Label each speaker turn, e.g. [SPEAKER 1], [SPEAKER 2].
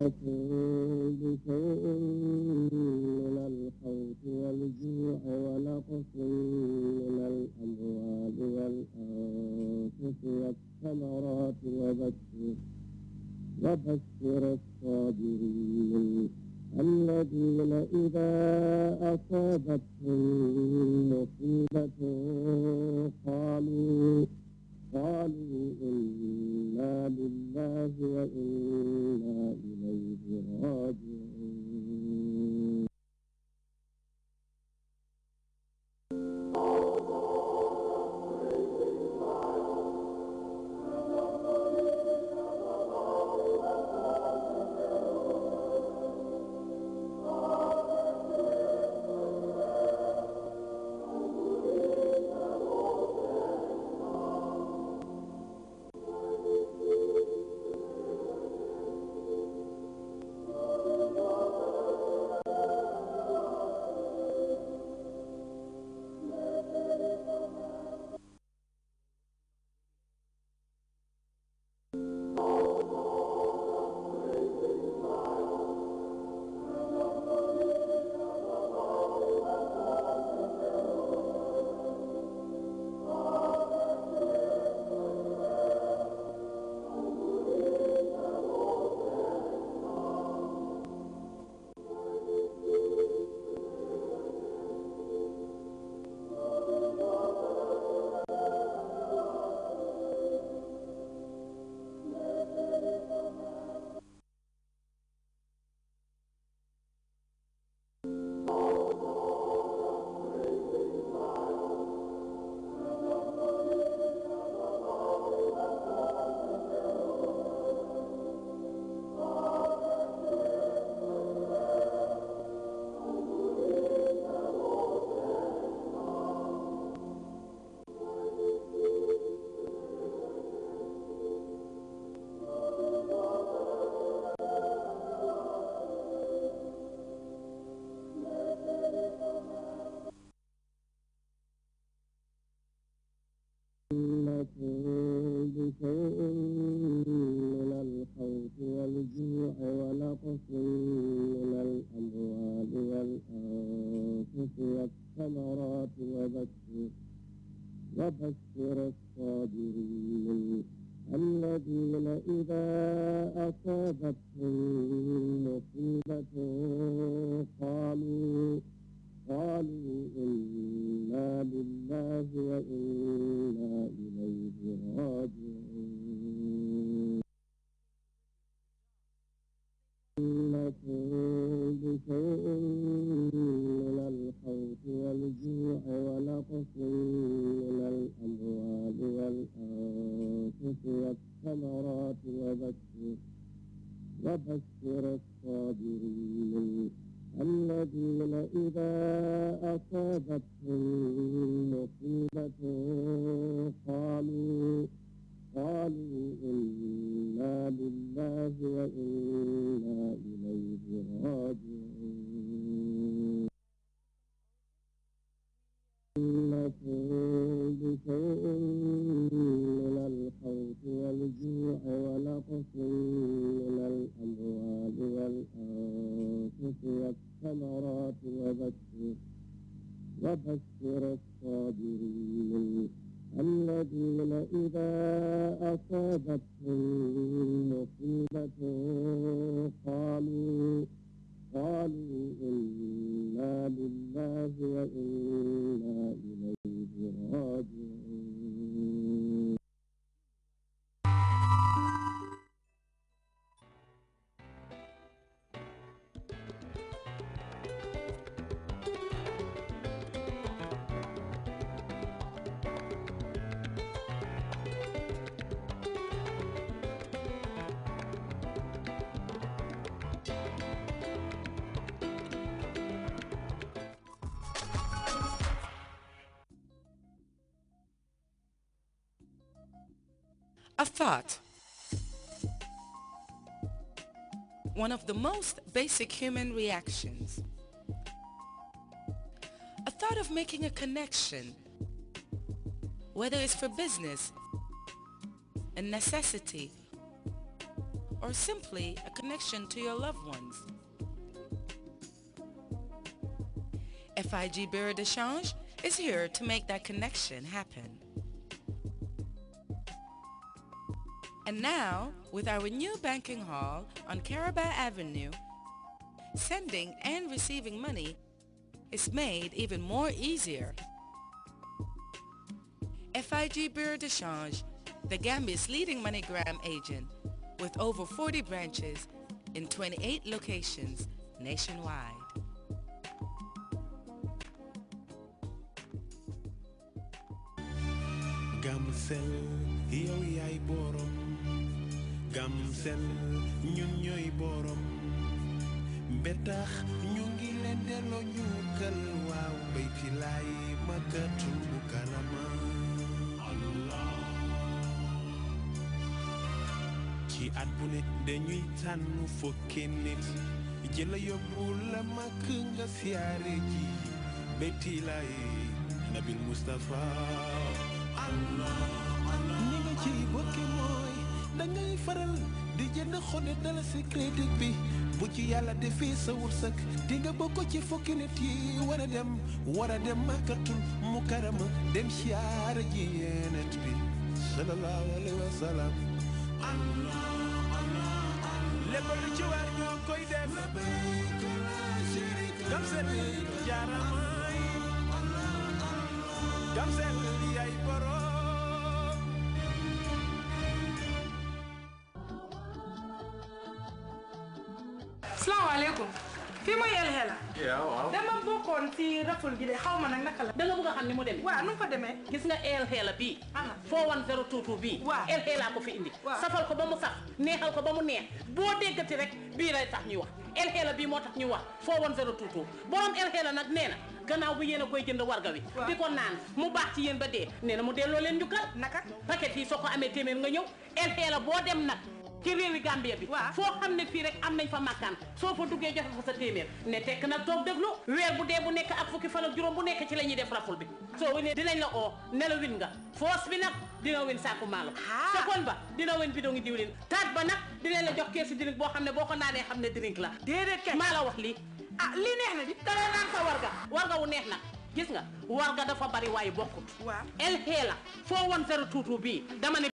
[SPEAKER 1] يأتيكم بشيء والجوع ونقص من الأموال والأنفس والثمرات وبشر وبشر الصابرين الذين إذا أصابتهم مصيبة قالوا قالوا إن إنا لله وإنا إليه راجعون إذا أصابتهم والثمرات وبشر وبشر الصابرين الذين إذا أصابتهم مصيبة قالوا قالوا إنا لله وإنا إليه راجعون إنكم بشيء ta ta ta ta
[SPEAKER 2] A thought. One of the most basic human reactions. A thought of making a connection, whether it's for business, a necessity, or simply a connection to your loved ones. FIG Bureau de Change is here to make that connection happen. And now, with our new banking hall on Caraba Avenue, sending and receiving money is made even more easier. FIG Bureau de Change, the Gambia's leading MoneyGram agent, with over 40 branches in 28 locations nationwide.
[SPEAKER 3] Gamsel, borom Gamcel ñun ñooy borom betax ñu ngi leen delloo njukkal waaw bayti laay makkatu ci at bu ne dañuy tànn fukki nit jëla yóbbu la màkk nga siyaare ji bayti nabil Mustafa Allah Allah nga ci bokki faral di jënd xone dala si crédit bi bu ci yàlla defee sa wërsëg di nga bokk ci fukki nit yi war a dem war a dem màkkatul mu dem siyaara ji yeenet bi sallallahu ci war ñoo koy def gam seen jaaramaay gam seen yaay borom
[SPEAKER 2] salaamaaleykum fii mooy El Hadj
[SPEAKER 1] la. dama
[SPEAKER 2] bokkoon ci raful gi de xaw ma nag naka la. da nga bëgg a xam ni mu demee. waaw nu mu fa demee. gis nga El Hadj la bii. 41022 ah. bii. waaw El Hadj laa ko fi indi. safal ko ba mu saf neexal ko ba mu neex boo déggati rek bii lay tax ñuy wax El la bii moo tax ñu wax sero borom El Hadj la nag nee na. gannaaw bi yéen koy jënd warga wi di ko naan mu baax ci yéen ba dee nee na mu delloo leen njukkal naka paquet yi soo ko amee téeméer nga ñëw la boo dem nag ci réewi Gambie bi waaw foo xam ne fii rek am nañ fa màkkaan soo fa duggee joxe ko sa téeméer ne tekk nag toog déglu weer bu dee bu nekk ak fukki fan juróom bu nekk ci la ñuy def raful bi soo wénee dinañ la oo ne la win nga foos bi nag dina win saaku maalo ah. seconde ba dina win bidon ngi diwlin taat ba nag dinañ la jox keesu drink boo xam ne boo ko naanee xam ne drink la déedéet kenn maa la wax lii ah lii neex na di dala naan sa warga warga wu neex nag gis nga warga dafa bari waaye bokkut waaw el xee la foo woon zero tuutu bii dama